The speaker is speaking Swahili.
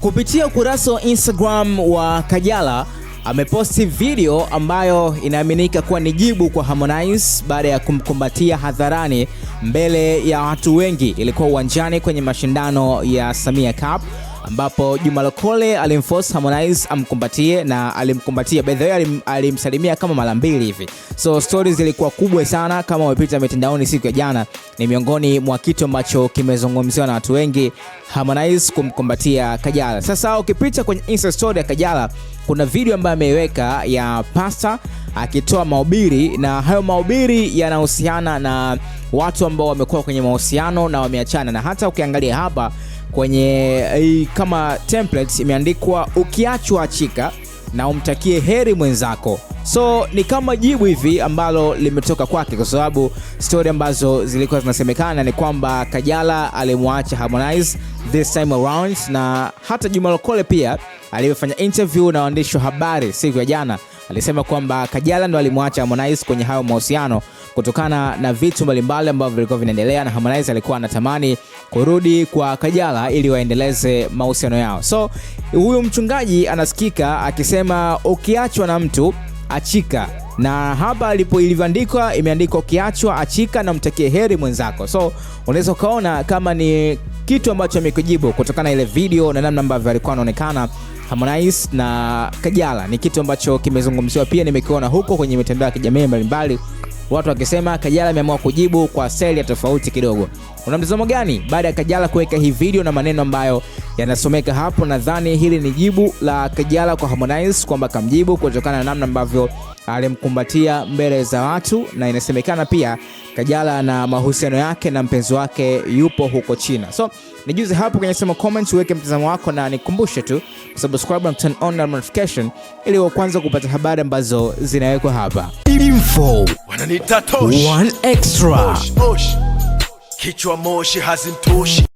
Kupitia ukurasa wa Instagram wa Kajala ameposti video ambayo inaaminika kuwa ni jibu kwa Harmonize baada ya kumkumbatia hadharani mbele ya watu wengi. Ilikuwa uwanjani kwenye mashindano ya Samia Cup ambapo Juma Lokole alimforce Harmonize amkumbatie na alimkumbatia, by the way alim, alimsalimia kama mara mbili hivi. So stories zilikuwa kubwa sana, kama umepita mitandaoni siku ya jana, ni miongoni mwa kitu ambacho kimezungumziwa na watu wengi, Harmonize kumkumbatia Kajala. Sasa ukipita kwenye Insta story ya Kajala, kuna video ambayo ameiweka ya pasta akitoa mahubiri, na hayo mahubiri yanahusiana na watu ambao wamekuwa kwenye mahusiano na wameachana, na hata ukiangalia hapa kwenye hii eh, kama templates imeandikwa ukiachwa achika na umtakie heri mwenzako. So ni kama jibu hivi ambalo limetoka kwake, kwa sababu stori ambazo zilikuwa zinasemekana ni kwamba Kajala alimwacha Harmonize this time around, na hata Juma Lokole pia aliyefanya interview na waandishi wa habari siku ya jana alisema kwamba Kajala ndo alimwacha Harmonize kwenye hayo mahusiano kutokana na vitu mbalimbali ambavyo vilikuwa vinaendelea, na Harmonize alikuwa anatamani kurudi kwa Kajala ili waendeleze mahusiano yao. So huyu mchungaji anasikika akisema ukiachwa na mtu achika, na hapa alipo ilivyoandikwa imeandikwa ukiachwa achika na mtakie heri mwenzako. So unaweza ukaona kama ni kitu ambacho amekujibu kutokana na ile video na namna ambavyo alikuwa anaonekana Harmonize na Kajala ni kitu ambacho kimezungumziwa pia, nimekiona huko kwenye mitandao ya kijamii mbalimbali watu wakisema Kajala ameamua kujibu kwa seli ya tofauti kidogo. Una mtazamo gani baada ya Kajala kuweka hii video na maneno ambayo yanasomeka hapo? Nadhani hili ni jibu la Kajala kwa Harmonize kwamba kamjibu kutokana na namna ambavyo alimkumbatia mbele za watu, na inasemekana pia Kajala na mahusiano yake na mpenzi wake yupo huko China. So nijuze hapo kwenye sema comments, uweke mtazamo wako na nikumbushe tu subscribe and turn on notification ili wa kwanza kupata habari ambazo zinawekwa hapa. Info nitatoshi. One Extra. Moshi, moshi. Kichwa moshi hazimtoshi.